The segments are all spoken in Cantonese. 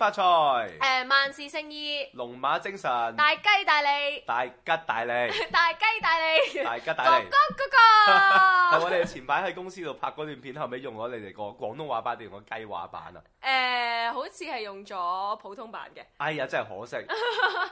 發菜，誒，uh, 萬事勝意！龍馬精神！大雞大利！大吉大利！大雞大利！大吉大利！嗰個係我哋前排喺公司度拍嗰段片，後尾用咗你哋個廣東話版定用雞話版啊？誒，uh, 好似係用咗普通版嘅。哎呀，真係可惜。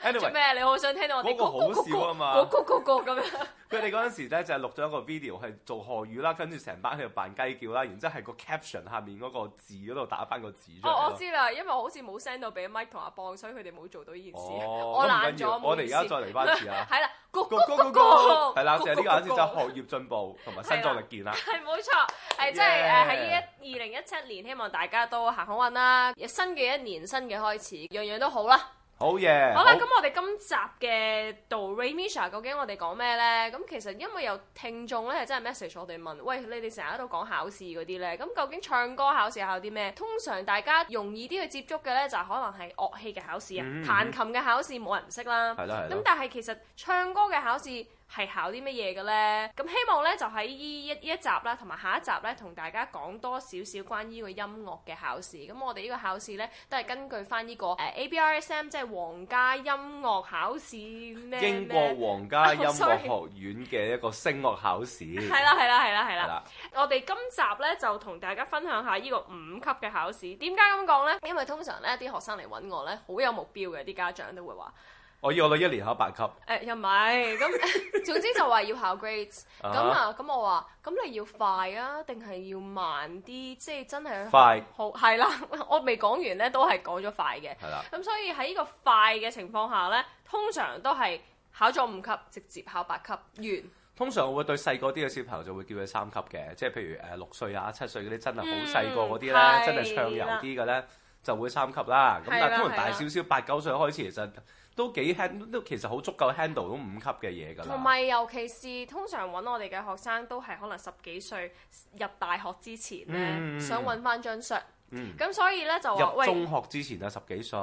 Anyway, 做咩？你好想聽到我啲歌。嗰個好笑啊嘛！嗰個嗰個咁樣。佢哋嗰陣時咧就係、是、錄咗一個 video 係做賀語啦，跟住成班喺度扮雞叫啦，然之後係個 caption 下面嗰個字嗰度打翻個字出嚟。Oh, 我知啦，因為好似冇 send 到俾 Mike 同阿邦，所以佢哋冇做到呢件事，我懶咗。我哋而家再嚟翻一次啊！係啦，嗰嗰嗰嗰，係啦，就係呢個意思，就學業進步同埋身壯力健啦。係冇錯，係即係誒喺呢一二零一七年，希望大家都行好運啦！新嘅一年，新嘅開始，樣樣都好啦。Oh、yeah, 好嘢！好啦，咁我哋今集嘅 Do Re Mi Show 究竟我哋講咩呢？咁其實因為有聽眾咧，係真係 message 我哋問，喂，你哋成日都講考試嗰啲呢？咁究竟唱歌考試考啲咩？通常大家容易啲去接觸嘅呢，就可能係樂器嘅考試啊，嗯、彈琴嘅考試冇人唔識啦。咁但係其實唱歌嘅考試，係考啲乜嘢嘅呢？咁希望呢就喺依一一集啦，同埋下一集呢，同大家講多少少關於呢個音樂嘅考試。咁我哋呢個考試呢，都係根據翻、這、呢個誒、呃、ABRSM，即係皇家音樂考試咩咩？英國皇家音樂學院嘅一個聲樂考試。係啦係啦係啦係啦！的我哋今集呢，就同大家分享一下呢個五級嘅考試。點解咁講呢？因為通常呢，啲學生嚟揾我呢，好有目標嘅，啲家長都會話。我要我一年考八級，誒又唔係，咁總之就話要考 grades，咁啊咁我話，咁你要快啊，定係要慢啲？即係真係快，Five. 好係啦，我未講完咧，都係講咗快嘅，係啦的，咁所以喺呢個快嘅情況下咧，通常都係考咗五級直接考八級完。通常我會對細個啲嘅小朋友就會叫佢三級嘅，即係譬如誒六歲啊七歲嗰啲真係好細個嗰啲咧，真係唱遊啲嘅咧，就會三級啦。咁的但係通常大少少八九歲開始其實。都幾 hand 都其實好足夠 handle 到五級嘅嘢㗎啦。同埋尤其是通常揾我哋嘅學生都係可能十幾歲入大學之前呢，嗯、想揾翻張相、嗯。咁所以呢，就話入中學之前啊喂十幾歲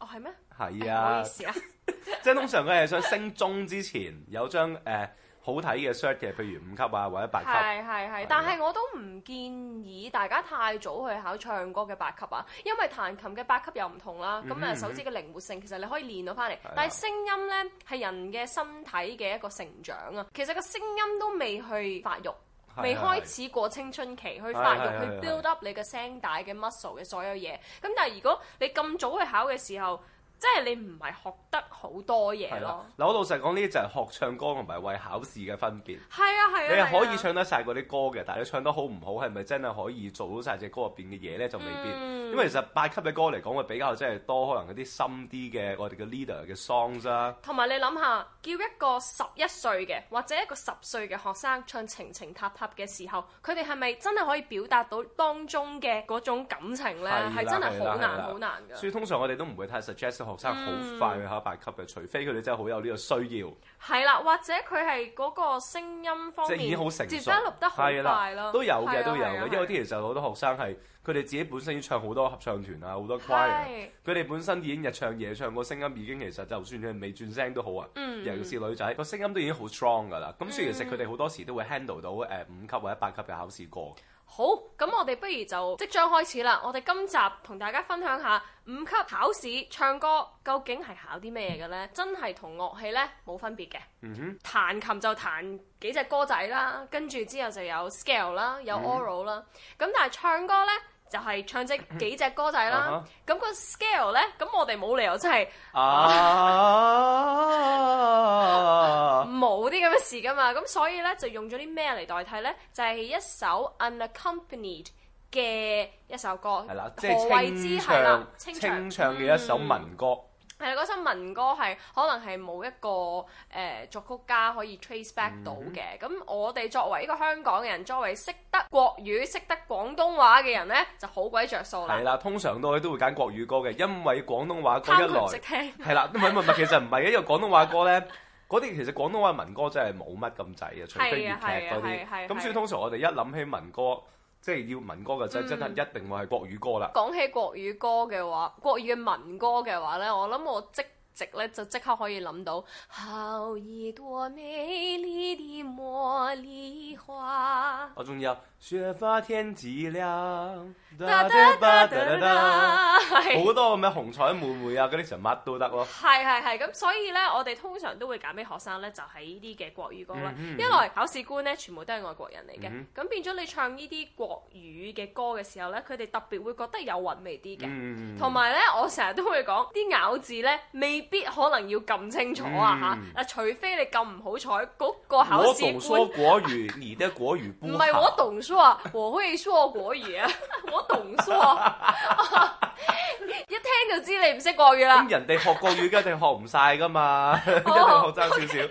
哦係咩？係啊，哎、唔好意思啊，即係 通常佢係想升中之前有張、呃好睇嘅 shirt 嘅，譬如五級啊，或者八級。係係係，但係我都唔建議大家太早去考唱歌嘅八級啊，因為彈琴嘅八級又唔同啦。咁啊，嗯、哼手指嘅靈活性其實你可以練到翻嚟，嗯、哼但係聲音咧係是、啊、人嘅身體嘅一個成長啊。其實個聲音都未去發育，未開始過青春期去發育去 build up 你嘅聲帶嘅 muscle 嘅所有嘢。咁但係如果你咁早去考嘅時候，即係你唔係學得好多嘢咯。嗱、啊，我老實講呢啲就係學唱歌同埋為考試嘅分別。係啊係啊，是啊，你可以唱得晒嗰啲歌嘅，啊啊、但係你唱得好唔好，係咪真係可以做到晒隻歌入邊嘅嘢咧？就未必。嗯、因為其實八級嘅歌嚟講，會比較即係多可能啲深啲嘅，我哋嘅 leader 嘅 songs 同埋你諗下，叫一個十一歲嘅或者一個十歲嘅學生唱情情塔塔嘅時候，佢哋係咪真係可以表達到當中嘅嗰種感情咧？係、啊、真係好難好難。㗎、啊。啊、的所以通常我哋都唔會太 suggest 嗯、學生好快去考八級嘅，除非佢哋真係好有呢個需要。係啦，或者佢係嗰個聲音方面很，即已經好成熟，節奏錄得好快咯。都有嘅，都有嘅。啊啊啊、因為啲其實好多學生係佢哋自己本身已經唱好多合唱團啊，好多 choir，佢哋本身已經日唱夜唱，個聲音已經其實就算佢未轉聲都好啊。尤其、嗯、是女仔個聲音都已經好 strong 㗎啦。咁雖然其實佢哋好多時都會 handle 到誒五級或者八級嘅考試過。好，咁我哋不如就即將開始啦。我哋今集同大家分享下五級考試唱歌究竟係考啲咩嘢嘅呢？真係同樂器呢冇分別嘅。嗯哼，彈琴就彈幾隻歌仔啦，跟住之後就有 scale 啦，有 aural 啦。咁、嗯、但係唱歌呢？就係唱只幾隻歌仔啦，咁、uh huh. 個 scale 咧，咁我哋冇理由真係冇啲咁嘅事噶嘛，咁所以咧就用咗啲咩嚟代替咧，就係、是、一首 unaccompanied 嘅一首歌，係啦了，即係清唱，清唱嘅一首民歌。嗯係啦，嗰首民歌係可能係冇一個誒、呃、作曲家可以 trace back 到嘅。咁、嗯、我哋作為一個香港嘅人，作為識得國語、識得廣東話嘅人呢，就好鬼着數啦。係啦，通常都都會揀國語歌嘅，因為廣東話歌一來係啦，唔係唔係，其實唔係因為廣東話歌呢，嗰啲 其實廣東話民歌真係冇乜咁滯嘅，除非粵劇啲。咁所以通常我哋一諗起民歌。即係要民歌嘅就、嗯、真係一定會係國語歌啦。講起國語歌嘅話，國語嘅民歌嘅話咧，我諗我即即咧就即刻可以諗到。 好一朵美麗的茉莉花，我仲有「雪花天子亮。得得得得好多咁嘅紅彩妹妹啊！嗰啲成乜都得咯。係係係咁，所以咧，我哋通常都會揀俾學生咧，就係呢啲嘅國語歌啦。一來考試官咧，全部都係外國人嚟嘅，咁變咗你唱呢啲國語嘅歌嘅時候咧，佢哋特別會覺得有韻味啲嘅。同埋咧，我成日都會講啲咬字咧，未必可能要咁清楚啊吓，嗱，除非你咁唔好彩嗰個考試官，我懂說國語，你的國語不好。唔係我懂說，我可以說國語啊。 一聽就知你唔識國語啦。咁人哋學國語一定學唔晒噶嘛，好 一定學爭少少。okay.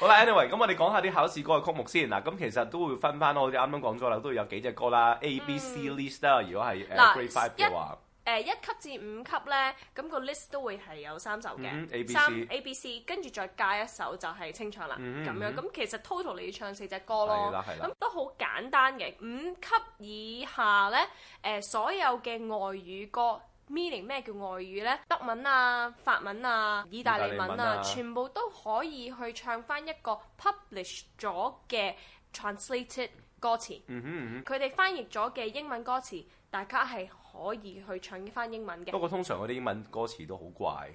好啦，anyway，咁我哋講下啲考試歌嘅曲目先。嗱，咁其實都會分翻，我哋啱啱講咗啦，都會有幾隻歌啦，A B、嗯、C list 啦。如果係、uh, Grade Five 嘅話。誒、呃、一級至五級呢，咁、個 list 都會係有三首嘅，嗯、三 A B C，跟住再加一首就係清唱啦。咁、嗯、樣咁其實 total 你要唱四隻歌咯，咁、嗯、都好簡單嘅。五級以下呢，呃、所有嘅外語歌 meaning 咩叫外語呢？德文啊、法文啊、意大利文啊，文啊全部都可以去唱翻一個 publish 咗嘅 translated 歌詞。佢哋、嗯嗯嗯、翻譯咗嘅英文歌詞，大家係，可以去唱翻英文嘅，不過通常嗰啲英文歌詞都好怪，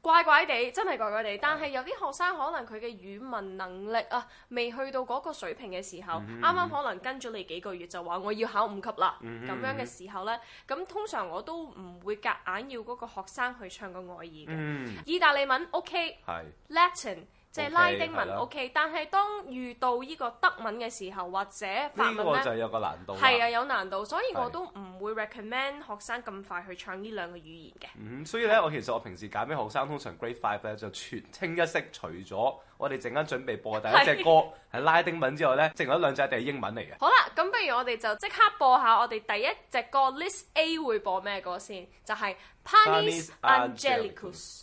怪怪地，真係怪怪地。但係有啲學生可能佢嘅語文能力啊，未去到嗰個水平嘅時候，啱啱、嗯、可能跟咗你幾個月就話我要考五級啦，咁、嗯、樣嘅時候呢，咁通常我都唔會夾硬要嗰個學生去唱個外語嘅，嗯、意大利文 OK，Latin。Okay, 係 Latin, 即係拉丁文 OK，但係當遇到呢個德文嘅時候或者法文咧就有個難度，係啊，有難度，所以我，也的我都唔會 recommend 學生咁快去唱呢兩個語言嘅。嗯，所以咧、嗯、我其實我平時揀俾學生，通常 Grade Five 咧就全清一色，除咗我哋陣間準備播第一隻歌係的拉丁文之外咧，剩嗰兩隻一定係英文嚟嘅。好啦，咁不如我哋就即刻播一下我哋第一隻歌，List A 會播咩歌先？就係、是、Panis Angelicus。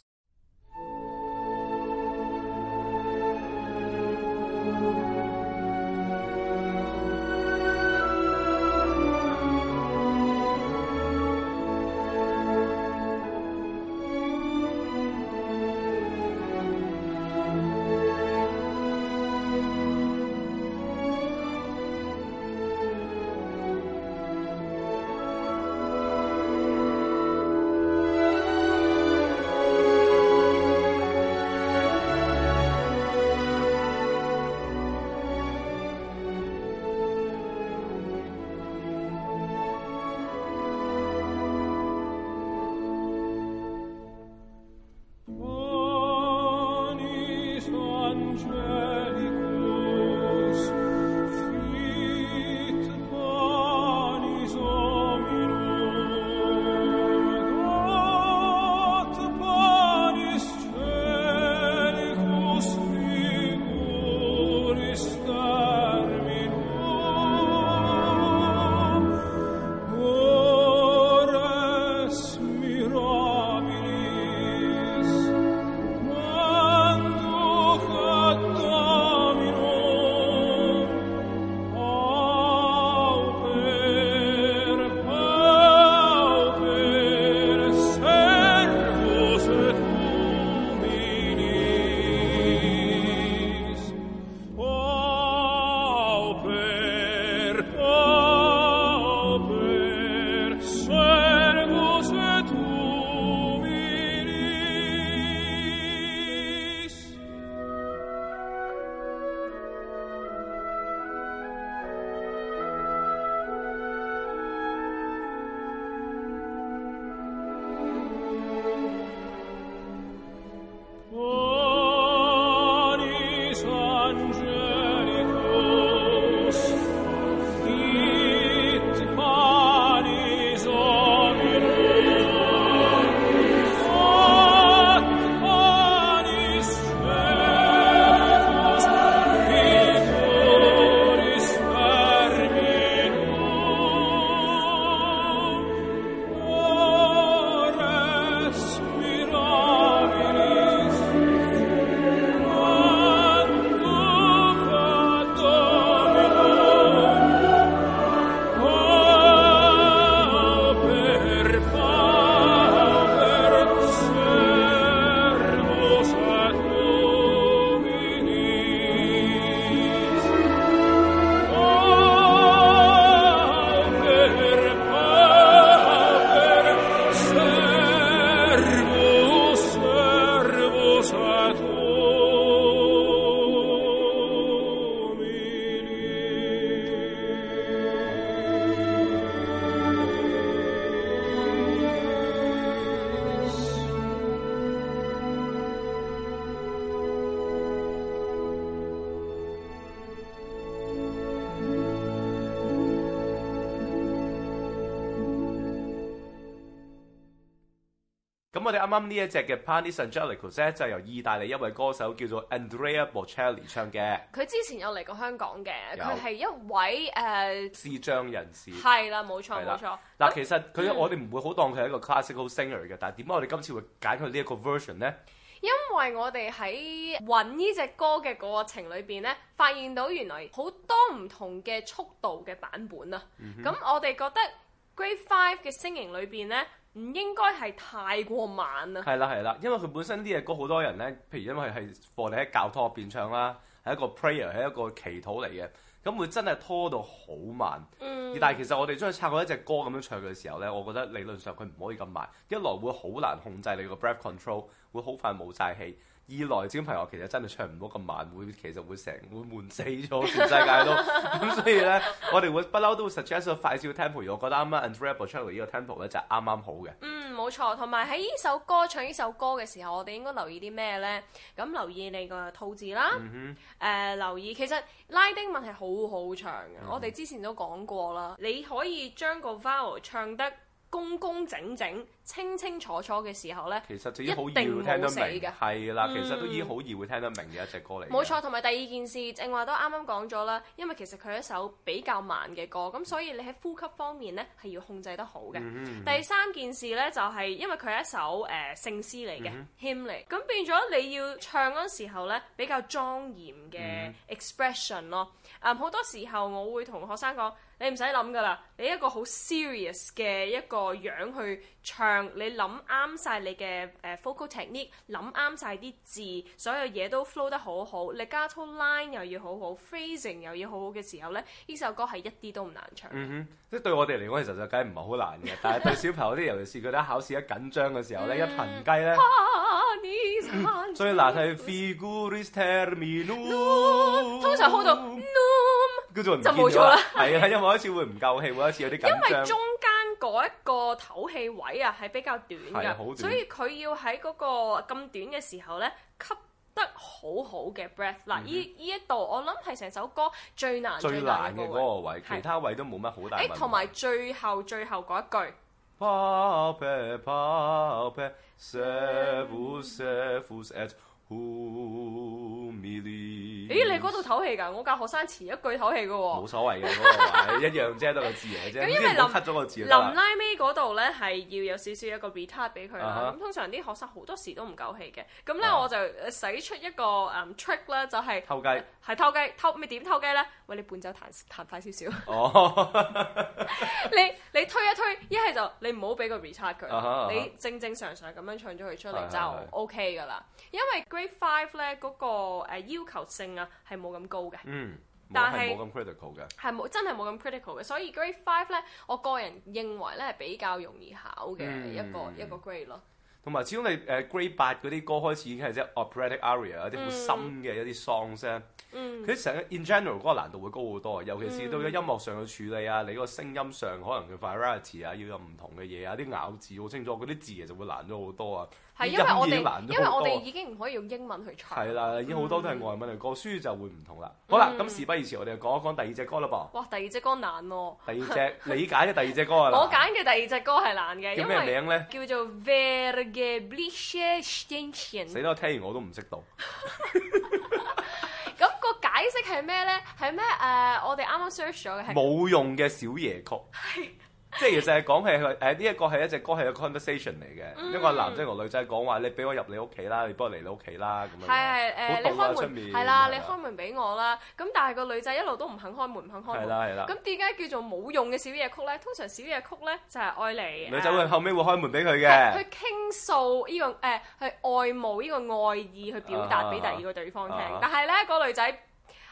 啱啱呢一隻嘅 Panis Angelicus 咧，就係由意大利一位歌手叫做 Andrea Bocelli 唱嘅。佢之前有嚟過香港嘅，佢係有一位誒。視、uh, 障人士。係啦，冇錯冇錯。嗱的，錯其實佢、嗯、我哋唔會好當佢係一個 classical singer 嘅，但係點解我哋今次會揀佢呢一個 version 呢？因為我哋喺揾呢隻歌嘅過程裏邊呢，發現到原來好多唔同嘅速度嘅版本啊。咁、嗯、哼我哋覺得 Grade Five 嘅聲型裏邊呢。唔應該係太過慢啦。係啦係啦，因為佢本身呢隻歌好多人呢。譬如因為係放喺教堂入邊唱啦，係一個 prayer，係一個祈禱嚟嘅，咁會真係拖到好慢。嗯。但係其實我哋將佢拆開一隻歌咁樣唱嘅時候呢，我覺得理論上佢唔可以咁慢，一來會好難控制你個 breath control，會好快冇晒氣。二來，小朋友其實真係唱唔到咁慢，會其實會成會悶死咗全世界都。咁、 嗯、所以咧，我哋會不嬲都會 suggest 個快少 tempo，我覺得啱啱，Andrea 嘅唱嚟呢個 tempo 咧就啱、是、啱好嘅。嗯，冇錯。同埋喺呢首歌唱呢首歌嘅時候，我哋應該留意啲咩咧？咁留意你個吐字啦。誒、嗯哼呃，留意其實拉丁文係好好長嘅。嗯、哼我哋之前都講過啦，你可以將個 vowel 唱得工工整整。清清楚楚嘅時候呢，其實已經好易會聽得明嘅，係啦，嗯。其實都已經好易會聽得明嘅一隻歌嚟。冇錯，嗯，同埋第二件事，正話都啱啱講咗啦。因為其實佢係一首比較慢嘅歌，咁所以你喺呼吸方面呢係要控制得好嘅。嗯嗯嗯，第三件事呢，就係、是，因為佢係一首誒聖詩嚟嘅，hymn 嚟，咁，呃嗯嗯，變咗你要唱嗰時候呢比較莊嚴嘅 expression 咯。誒好，嗯嗯，多時候我會同學生講，你唔使諗㗎喇，你一個好 serious 嘅一個樣去。唱你諗啱晒你嘅誒 focal technique，諗啱晒啲字，所有嘢都 flow 得好好，你加粗 line 又要好好，phrasing 又要好好嘅時候咧，呢首歌係一啲都唔難唱。即係對我哋嚟講，其實就梗係唔係好難嘅，但係對小朋友啲，尤其是佢哋考試一緊張嘅時候咧，一騰雞咧，所以嗱睇 figure is t e r me 通常好到就冇咗啦。係啊，因為有一次會唔夠氣，每一次有啲緊因為中間。嗰一個唞氣位啊，係比較短㗎，短所以佢要喺嗰個咁短嘅時候咧，吸得很好好嘅 breath。嗱、嗯哼，依依一度我諗係成首歌最難最難嘅嗰個，個位，是其他位都冇乜好大。誒、欸，同埋最後最後嗰一句。嗯。咦，你嗰度唞氣噶？我教學生前一句唞氣嘅，冇所謂嘅，一樣啫，得個字啫。咁因為林林拉尾嗰度咧，係要有少少一個 retard 俾佢啦。咁通常啲學生好多時都唔夠氣嘅。咁咧我就使出一個 trick 啦，就係偷雞，係偷雞，偷咩點偷雞咧？喂，你伴奏彈彈快少少。哦，你你推一推，一係就你唔好俾個 retard 佢，你正正常常咁樣唱咗佢出嚟就 OK 噶啦，因為。Grade Five 咧，嗰個誒、呃、要求性啊，係冇咁高嘅，嗯，但係冇咁 critical 嘅，係冇真係冇咁 critical 嘅，所以 Grade Five 咧，我個人認為咧係比較容易考嘅、嗯、一個一個 grade 咯。同埋始終你 Grade 八嗰啲歌開始已經係即 operatic aria 有啲好深嘅一啲 songs 咧，佢成 in general 嗰個難度會高好多啊！尤其是到咗音樂上嘅處理啊，你個聲音上可能嘅 variety 啊，要有唔同嘅嘢啊，啲咬字好清楚，嗰啲字就會難咗好多啊！係因為我哋因為我哋已經唔可以用英文去唱，係啦，已經好多都係外文嚟歌，書就會唔同啦。好啦，咁事不宜遲，我哋就講一講第二隻歌啦噃。哇！第二隻歌難喎。第二隻理解嘅第二隻歌啊。我揀嘅第二隻歌係難嘅。叫咩名咧？叫做 Very。嘅 bleach c h a n g e i o n 死啦！我聽完我都唔識讀。咁個解釋係咩咧？係咩？誒、uh,，我哋啱啱 search 咗嘅係冇用嘅小夜曲。係。 即係其實係講係佢誒呢一個係一隻歌係個 conversation 嚟嘅，一個、嗯、男仔同女仔講話，你俾我入你屋企啦，你幫我嚟你屋企啦咁樣。係係誒，啊、你開門係啦，你開門俾我啦。咁但係個女仔一路都唔肯開門，唔肯開門。係啦係啦。咁點解叫做冇用嘅小夜曲咧？通常小夜曲咧就係愛嚟。女仔會後尾會開門俾佢嘅。去傾訴呢、這個誒、呃，去愛慕呢個愛意去表達俾第二個對方聽。啊、哈但係咧，嗰、那個、女仔。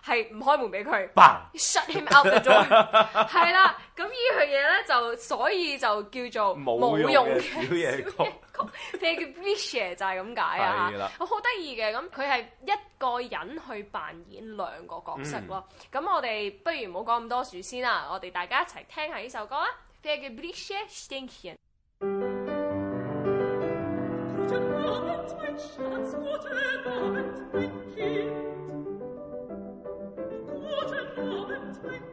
係唔開門俾佢巴，shut him out the door. 係啦，咁呢樣嘢咧就所以就叫做冇用嘅。佢係叫 Bichere 就係咁解啊！我好得意嘅，咁佢係一個人去扮演兩個角色咯。咁、嗯、我哋不如唔好講咁多樹先啦，我哋大家一齊聽下呢首歌啦。佢係叫 Bichere Stinkian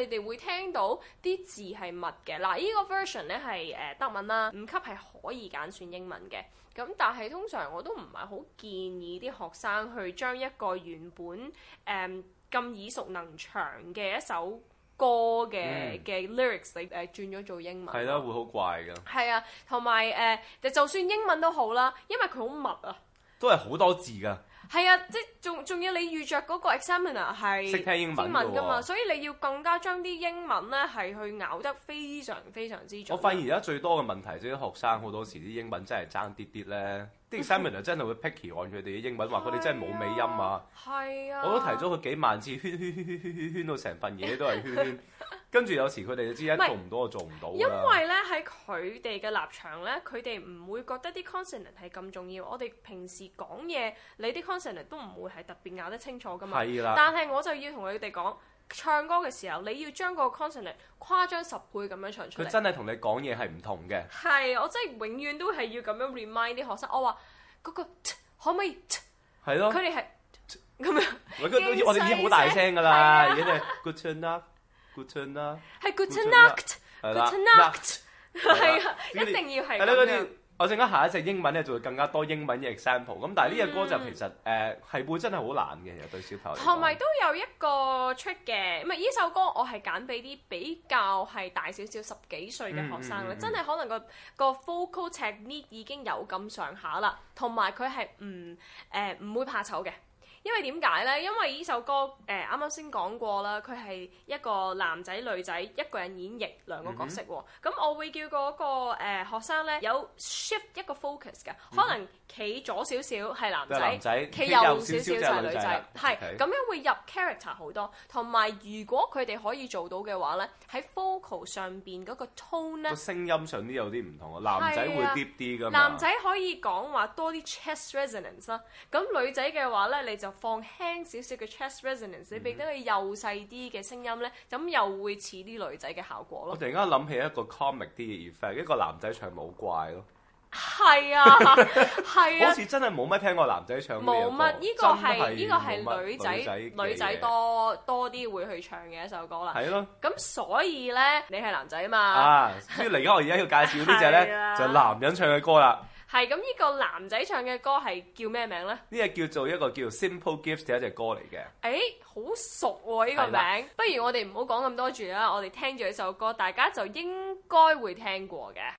你哋會聽到啲字係密嘅，嗱、這、呢個 version 咧係誒德文啦，五級係可以揀選算英文嘅，咁但係通常我都唔係好建議啲學生去將一個原本誒咁耳熟能詳嘅一首歌嘅嘅、嗯、lyrics 嚟誒轉咗做英文，係啦，會好怪㗎，係啊，同埋誒就就算英文都好啦，因為佢好密啊，都係好多字㗎。係啊，即係仲仲要你預著嗰個 examiner 係識聽英文㗎嘛，所以你要更加將啲英文咧係去咬得非常非常之重。我發現而家最多嘅問題就係啲學生好多時啲英文真係爭啲啲咧，examiner 真係會 picky 按佢哋啲英文，話佢哋真係冇尾音啊。係啊，我都提咗佢幾萬次，圈圈圈圈圈圈圈到成份嘢都係圈圈。跟住有時佢哋就知做唔到我做唔到。因為咧喺佢哋嘅立場咧，佢哋唔會覺得啲 consonant 係咁重要。我哋平時講嘢，你啲 consonant 都唔會係特別咬得清楚㗎嘛。啦的。但係我就要同佢哋講，唱歌嘅時候你要將個 consonant 誇張十倍咁樣唱出嚟。佢真係同你講嘢係唔同嘅。係，我真係永遠都係要咁樣 remind 啲學生，我話嗰、嗰個 t，可唔可以 t, 的？係咯的。佢哋係咁樣。怕我哋已經好大聲㗎啦，係 good enough 係 Good to knock，Good to knock，係啊，一定要係咁樣。我陣間下一次英文咧，就會更加多英文嘅 example。咁、嗯、但係呢隻歌就其實誒係、呃、會真係好難嘅，對小朋友。同埋都有一個 trick 嘅，唔係呢首歌我係揀俾啲比較係大少少十幾歲嘅學生咧，嗯嗯嗯真係可能、嗰個、嗰個 vocal technique 已經有咁上下啦，同埋佢係唔誒唔會怕醜嘅。因為點解咧？因為依呢首歌誒啱啱先講過啦，佢係一個男仔女仔一個人演繹兩個角色喎。咁我會叫嗰個誒學生咧有 shift 一個 focus 嘅，可能企左少少係男仔，企右少少就係女仔，係咁樣會入 character 好多。同埋如果佢哋可以做到嘅話咧，喺 focus 上邊嗰個 tone 咧，個聲音上啲有啲唔同啊。男仔會 deep 啲㗎嘛。男仔可以講話多啲 chest resonance 啦。咁女仔嘅話咧，你就～放輕少少嘅 chest resonance，你俾得佢幼細啲嘅聲音咧，咁、嗯、又會似啲女仔嘅效果咯。我突然間諗起一個 comic 啲嘅 effect，一個男仔唱《冇怪》咯。係啊，係啊， 好似真係冇乜聽過男仔唱、那個。冇乜，呢、呢個係依係女仔女仔多多啲會去唱嘅一首歌啦。係咯、啊。咁所以咧，你係男仔嘛？啊，所以嚟緊我而家要介紹呢隻咧，啊、就係男人唱嘅歌啦。係咁，呢個男仔唱嘅歌係叫咩名咧？呢個叫做一個叫 Simple Gifts 嘅一隻歌嚟嘅。誒，好熟喎呢個名，的不如我哋唔好講咁多住啦，我哋聽住呢首歌，大家就應該會聽過嘅。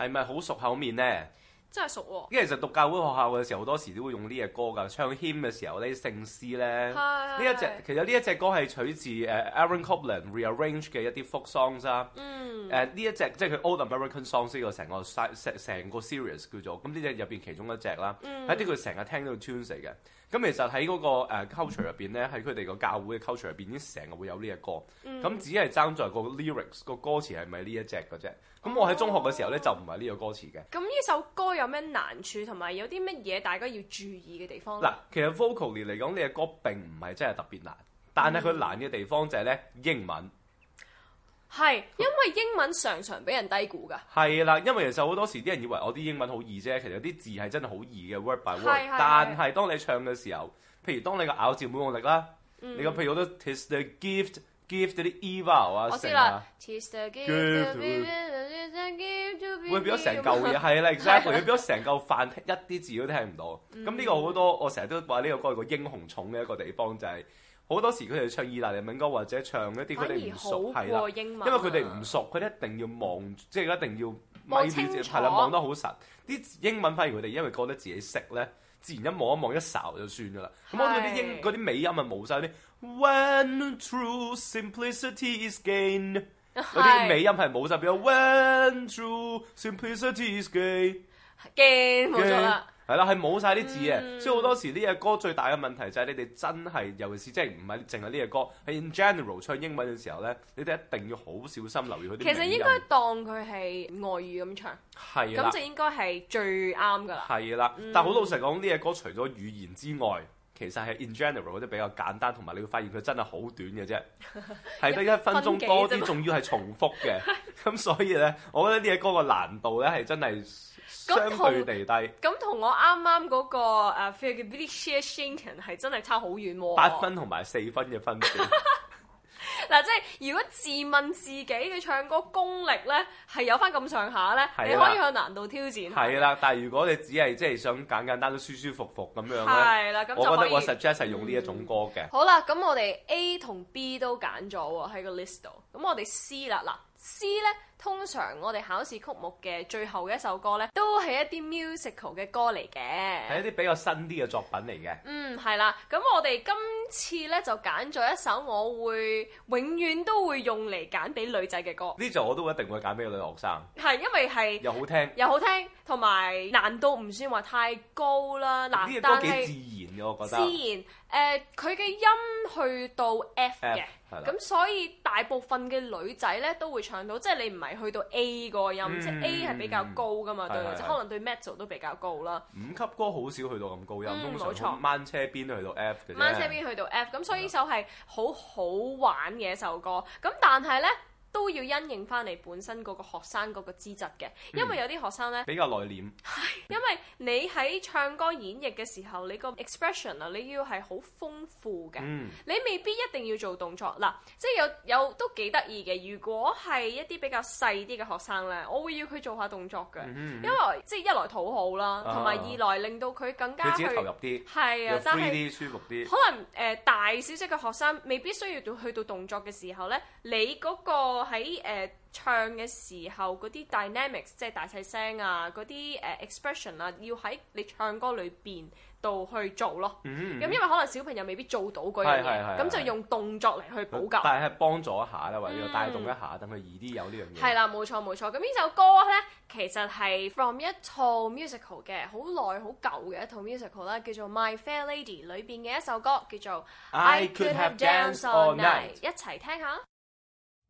係咪好熟口面咧？真係熟喎、哦！因為其實讀教會學校嘅時候，好多時都會用呢隻歌噶，唱 hymn 嘅時候咧，聖詩咧，呢的一隻其實呢一隻歌係取自誒 Aaron Copland rearrange 嘅一啲 folk songs 啊。誒呢、嗯啊、一隻即係佢 old American songs 呢個成個 seri 成成個 series 叫做，咁呢隻入邊其中一隻啦。喺啲佢成日聽到 tunes 嚟嘅。咁其實喺嗰個 culture 入邊咧，喺佢哋個教會嘅 culture 入邊已經成日會有呢一歌。咁、嗯、只係爭在個 lyrics、哦、個歌詞係咪呢一隻嘅啫。咁我喺中學嘅時候咧就唔係呢個歌詞嘅。咁呢首歌有咩難處同埋有啲乜嘢大家要注意嘅地方？嗱，其實 vocally 嚟講呢首歌並唔係真係特別難，但係佢難嘅地方就係咧英文。嗯係，因為英文常常俾人低估㗎。係啦，因為其實好多時啲人以為我啲英文好易啫，其實有啲字係真係好易嘅 word by word。是但係當你唱嘅時候，譬如當你嘅咬字冇用力啦，嗯、你個譬如都 taste the gift，gift 啲啲 evil 啊，成啊，taste the gift，會變咗成嚿嘢，係啦，example，你變咗成嚿飯， 一啲字都聽唔到。咁呢、嗯、個好多，我成日都話呢個歌係個英雄重嘅一個地方就係、是。好多時佢哋唱意大利文歌或者唱一啲佢哋唔熟，係啦、啊，因為佢哋唔熟，佢哋一定要望，即、就、係、是、一定要咪清楚，係啦，望得好實。啲英文反而佢哋因為覺得自己識咧，自然一望一望一睄就算咗啦。咁我度啲英嗰啲美音啊冇晒啲，When true simplicity is gain，嗰啲是美音係冇晒，譬如 When true simplicity is gain，gain 冇 gain, 錯啦。係啦，係冇晒啲字嘅，嗯、所以好多時呢隻歌最大嘅問題就係你哋真係，尤其是即係唔係淨係呢隻歌，喺 in general 唱英文嘅時候呢，你哋一定要好小心留意佢啲字。其實應該當佢係外語咁唱，咁了就應該係最啱㗎啦。係啦了，嗯、但係好老實講，呢隻歌除咗語言之外，其實係 in general 嗰啲比較簡單，同埋你會發現佢真係好短嘅啫，係得一分鐘多啲，仲而要係重複嘅，咁 所以呢，我覺得呢隻歌個難度呢，係真係。相對地低，咁同我啱啱嗰個誒《Feel the Beat》Share Shaking 係真係差好遠喎，啊，八分同埋四分嘅分別。嗱、 啊，即係如果自問自己嘅唱歌功力咧係有翻咁上下咧，了你可以向難度挑戰。係啦，但係如果你只係即係想簡簡單單舒舒服服咁樣咧，我覺得我 suggest 係用呢一種歌嘅、嗯。好啦，咁我哋 A 同 B 都揀咗喺個 list 度，咁我哋 C 啦，嗱。C 呢，通常我哋考試曲目嘅最後一首歌呢，都係一啲 musical 嘅歌嚟嘅，係一啲比較新啲嘅作品嚟嘅。嗯，係啦。咁我哋今次呢，就揀咗一首，我會永遠都會用嚟揀俾女仔嘅歌。呢隻我都一定會揀俾個女學生。係，因為係又好聽，又好聽，同埋難度唔算話太高啦。嗱，但係呢啲嘢歌幾自然嘅，是我覺得。自然，誒、呃，佢嘅音。去到 F 嘅，咁所以大部分嘅女仔呢，都會唱到，即係你唔係去到 A 個音，嗯、即係 A 係比較高噶嘛，對，可能對 Metal 都比較高啦。五級歌好少去到咁高音。冇錯，嗯，都慢車邊去到 F 嘅。慢車邊去到 F，咁所以呢首係好好玩嘅一首歌，咁但係呢。都要因應翻嚟本身嗰個學生嗰個資質嘅，因為有啲學生呢、嗯、比較內斂，因為你喺唱歌演繹嘅時候，你個 expression 啊，你要係好豐富嘅，嗯、你未必一定要做動作。嗱，即係有有都幾得意嘅。如果係一啲比較細啲嘅學生呢，我會要佢做下動作嘅，嗯哼嗯哼，因為即係一來討好啦，同埋、啊、二來令到佢更加去投入啲，係啊，但係可能、呃、大少少嘅學生未必需要到去到動作嘅時候呢，你嗰、嗰個。我喺誒唱嘅時候，嗰啲 dynamics 即係大細聲啊，嗰啲誒 expression 啊，要喺你唱歌裏邊度去做咯。咁因為可能小朋友未必做到嗰樣嘢，咁就用動作嚟去補救。但係幫助一下啦，或者帶動一下，等佢易啲有呢樣嘢。係啦，冇錯冇錯。咁呢首歌咧，其實係 from 一套 musical 嘅，好耐好舊嘅一套 musical 啦，叫做 My Fair Lady 裏邊嘅一首歌，叫做 I Could Have Danced All Night。一齊聽下。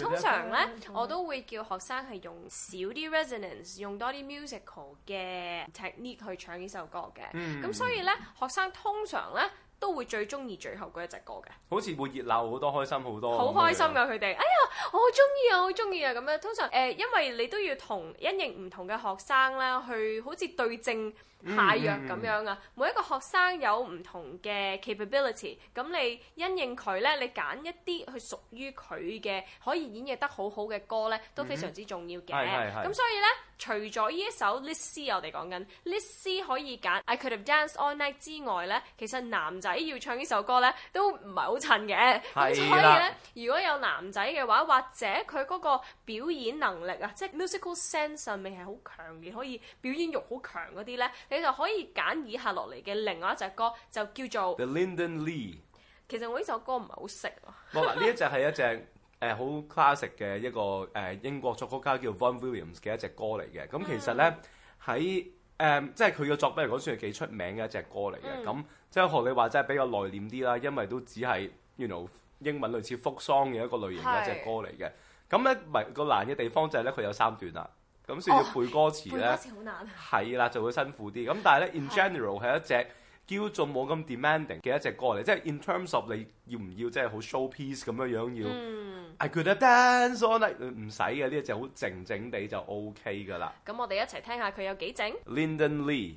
通常咧，我都會叫學生係用少啲 resonance，用多啲 musical 嘅 technique 去唱呢首歌嘅。咁、嗯、所以咧，學生通常咧都會最中意最後嗰一隻歌嘅。好似會熱鬧好多，開心好多。好開心㗎！佢哋、啊，哎呀，我好中意啊，好中意啊！咁樣通常、呃、因為你都要同因應唔同嘅學生啦，去好似對正。太弱咁樣啊！嗯、每一個學生有唔同嘅 capability，咁你因應佢呢，你揀一啲去屬於佢嘅，可以演繹得好好嘅歌呢，都非常之重要嘅。咁、嗯、所以呢，除咗呢一首 list C，list C 我哋講緊，list C 可以揀《I Could Have Danced All Night》之外呢，其實男仔要唱呢首歌呢，都唔係好襯嘅。咁的所以呢，的如果有男仔嘅話，或者佢嗰個表演能力啊，即係 musical sense 上面係好強嘅，可以表演欲好強嗰啲呢。你就可以揀以下落嚟嘅另外一隻歌，就叫做 The Linden Lea。其實我呢首歌唔係好識喎。呢 一隻係一隻誒好、呃、classic 嘅一個誒、呃、英國作曲家叫 Vaughan Williams 嘅一隻歌嚟嘅。咁其實咧喺誒即係佢嘅作品嚟講，算係幾出名嘅一隻歌嚟嘅。咁、嗯、即係學你話，真係比較內斂啲啦，因為都只係 you know（ 英文類似 folk song 嘅一個類型嘅一隻歌嚟嘅。咁咧咪個難嘅地方就係咧，佢有三段啦。咁需要背歌詞咧，好難。係啦就會辛苦啲。咁但係咧，in general 係一隻叫做冇咁 demanding 嘅一隻歌嚟，即係 in terms of 你要唔要即係好 showpiece 咁樣樣要。I could have danced all night，唔使嘅，呢一隻好靜靜地就 OK 噶啦。咁我哋一齊聽下佢有幾靜。Linden Lee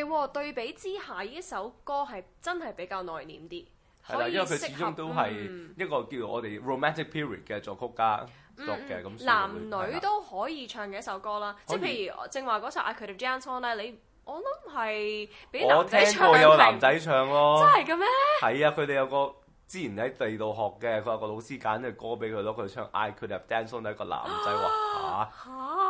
係對、哦、對比之下，呢一首歌係真係比較內斂啲。係因為佢始終都係一個叫做我哋 Romantic Period 嘅作曲家作嘅咁，嗯、男、女男女都可以唱嘅一首歌啦。即係以譬如正話嗰首《I Could Have Dance On》咧，你我諗係俾男仔唱，有男仔唱咯，係真係嘅咩？係啊，佢哋有個之前喺地度學嘅，佢話個老師揀咗歌俾佢咯，佢唱《I Could Have Dance On》係個男仔喎嚇。啊啊。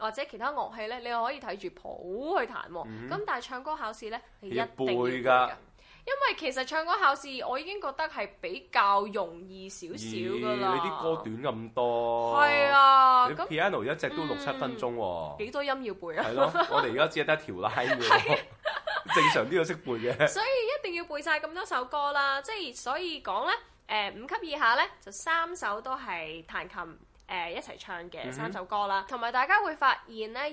或者其他樂器咧，你又可以睇住譜去彈喎、啊。咁、嗯、但係唱歌考試咧，你一定要背噶。因為其實唱歌考試，我已經覺得係比較容易少少噶啦。你啲歌短咁多，係啊。你 Piano、嗯、一直都六七分鐘喎、啊，幾多音要背啊？係咯，我哋而家只係得調拉嘅， 啊、正常都要識背嘅。所以一定要背晒咁多首歌啦。即係所以講咧，誒、呃、五級以下咧，就三首都係彈琴。呃、一齊唱嘅三首歌啦，同埋、嗯、哼大家會發現咧，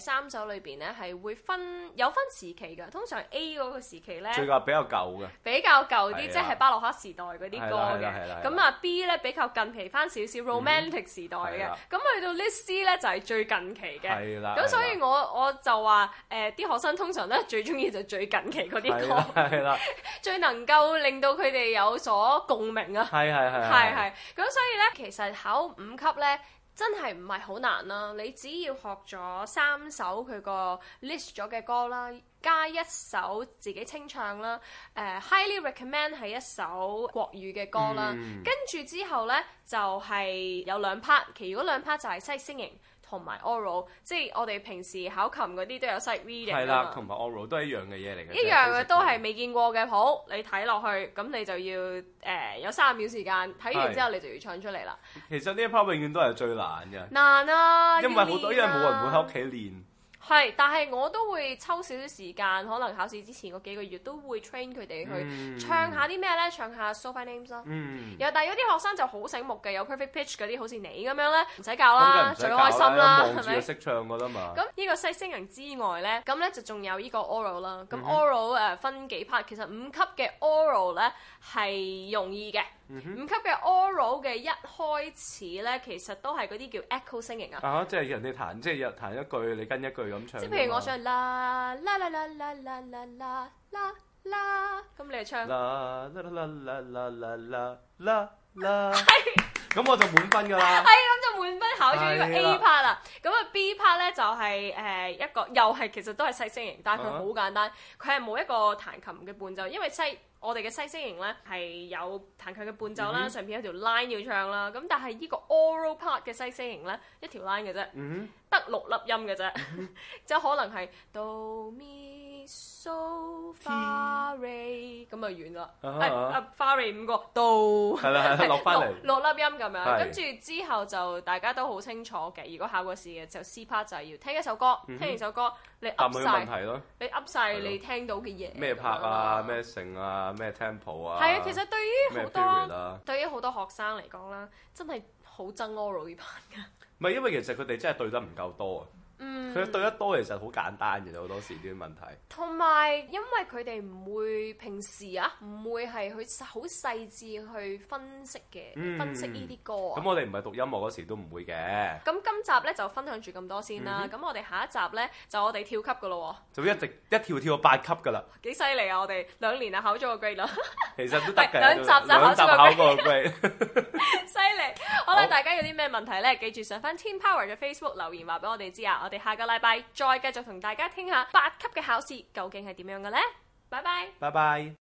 三首裏邊咧係會分有分時期嘅。通常 A 嗰個時期咧，比較比較舊嘅，比較舊啲，即係巴洛克時代嗰啲歌嘅。咁啊 B 咧比較近期翻少少，Romantic 時代嘅。咁的去到 list C 呢 C 咧就係、是、最近期嘅。啦。咁所以我我就話誒啲學生通常咧最中意就最近期嗰啲歌，係啦， 最能夠令到佢哋有所共鳴啊。係係係，係係，咁的所以咧，其實考五級。咧真係唔係好難啦，你只要學咗三首佢個 list 咗嘅歌啦，加一首自己清唱啦，誒、uh, highly recommend 係一首國語嘅歌啦，嗯、跟住之後呢，就係、是、有兩 part，其實嗰兩 part 就係 sight singing 同埋 oral，即係我哋平時考琴嗰啲都有 sight reading 係啦，同埋 oral 都係一樣嘅嘢嚟嘅，一樣嘅都係未見過嘅譜，你睇落去咁你就要誒、呃、有三十秒時間，睇完之後你就要唱出嚟啦。其實呢一 part 永遠都係最難嘅，難啊！因為好多、啊、因為冇人會喺屋企練。係，但係我都會抽少少時間，可能考試之前嗰幾個月都會 train 佢哋去唱下啲咩呢？嗯、唱下 sol-fa names 咯。嗯，又但有啲學生就好醒目嘅，有 perfect pitch 嗰啲，好似你咁樣呢，唔使教啦，教啦最開心啦，係咪？望住佢識唱嘅啦嘛。咁呢個西星人之外呢，咁呢就仲有呢個 aural 啦。咁 aural 分幾 part、嗯、哼其實五級嘅 aural 呢。係容易嘅，五、嗯、喲級嘅 aural 嘅一開始咧，其實都係嗰啲叫 echo singing 啊，啊，即、就、係、是、人哋彈，即、就、係、是、彈一句你跟一句咁唱，即係譬如我唱啦啦啦啦啦啦啦啦，咁你嚟唱啦啦唱啦啦啦啦啦啦。啦啦 咁我就滿分㗎啦、 哎，係咁就滿分考咗呢個 A part 啦。咁啊、哎、呀 B part 咧就係、誒、一個又係其實都係西星型，但係佢好簡單，佢係冇一個彈琴嘅伴奏，因為西我哋嘅西星型咧係有彈琴嘅伴奏啦，uh huh. 上面有條 line 要唱啦。咁但係呢個 aural part 嘅西星型咧一條 line 嘅啫，得、uh huh. 六粒音嘅啫，即、uh huh. 可能係 do mi So far away，咁啊遠天啦，誒啊 far away 五個度，係啦落翻落粒音咁樣，跟住的之後就大家都好清楚嘅。如果考過試嘅就 C part 就係要聽一首歌，嗯、哼聽完一首歌你噏曬，你噏晒你，你聽到嘅嘢。咩拍啊？咩性啊？咩 tempo 啊？係啊，其實對於好多、啊、對於好多學生嚟講啦，真係好憎 oral part 噶。唔係因為其實佢哋真係對得唔夠多啊。佢、嗯、對得多其實好簡單嘅，好多時啲問題。同埋因為佢哋唔會平時啊，唔會係去好細緻去分析嘅，嗯、分析呢啲歌。咁、嗯、我哋唔係讀音樂嗰時都唔會嘅。咁今集咧就分享住咁多先啦。咁、嗯、哼我哋下一集咧就我哋跳級噶咯喎。就一直一跳跳到八級噶啦。幾犀利啊！我哋兩年啊考咗個 grade 啦。 其實都得㗎，兩集就考咗個 grade。兩集考咗個 grade，犀利。 好啦，好大家有啲咩問題咧？記住上翻 Ten Power 嘅 Facebook 留言告，話俾我哋知啊！我哋下個禮拜再繼續同大家傾下八級嘅考試究竟係點樣嘅呢？拜拜，拜拜。